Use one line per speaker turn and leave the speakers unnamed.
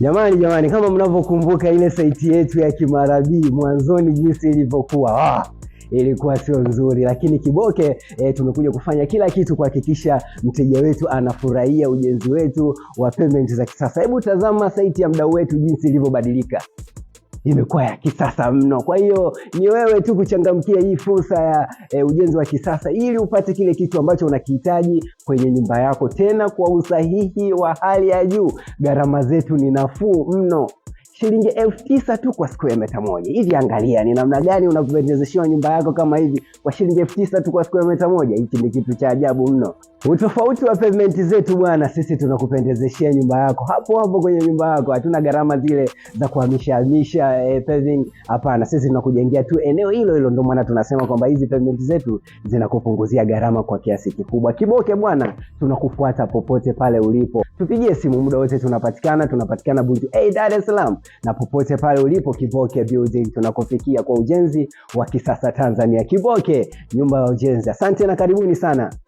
Jamani, jamani, kama mnavyokumbuka ile saiti yetu ya Kimarabii mwanzoni jinsi ilivyokuwa ah, ilikuwa sio nzuri, lakini Kiboke e, tumekuja kufanya kila kitu kuhakikisha mteja wetu anafurahia ujenzi wetu wa payment za kisasa. Hebu tazama saiti ya mdau wetu jinsi ilivyobadilika imekuwa ya kisasa mno. Kwa hiyo ni wewe tu kuchangamkia hii fursa ya e, ujenzi wa kisasa ili upate kile kitu ambacho unakihitaji kwenye nyumba yako, tena kwa usahihi wa hali ya juu. Gharama zetu ni nafuu mno shilingi elfu tisa tu kwa square meta moja. Hivi angalia ni namna gani unapendezeshiwa nyumba yako kama hivi kwa shilingi elfu tisa tu kwa square meta moja. Hichi ni kitu cha ajabu mno. Utofauti wa pavement zetu bwana, sisi tunakupendezeshia nyumba yako hapo hapo kwenye nyumba yako. Hatuna gharama zile za kuhamisha hamisha eh, paving. Hapana, sisi tunakujengea tu eneo hilo hilo. Ndio maana tunasema kwamba hizi pavement zetu zinakupunguzia gharama kwa kiasi kikubwa. Kiboke bwana, tunakufuata popote pale ulipo tupigie simu muda wote, tunapatikana tunapatikana buju A, Dar es Salaam, na popote pale ulipo. Kiboke Building tunakufikia kwa ujenzi wa kisasa Tanzania. Kiboke, nyumba ya ujenzi. Asante na karibuni sana.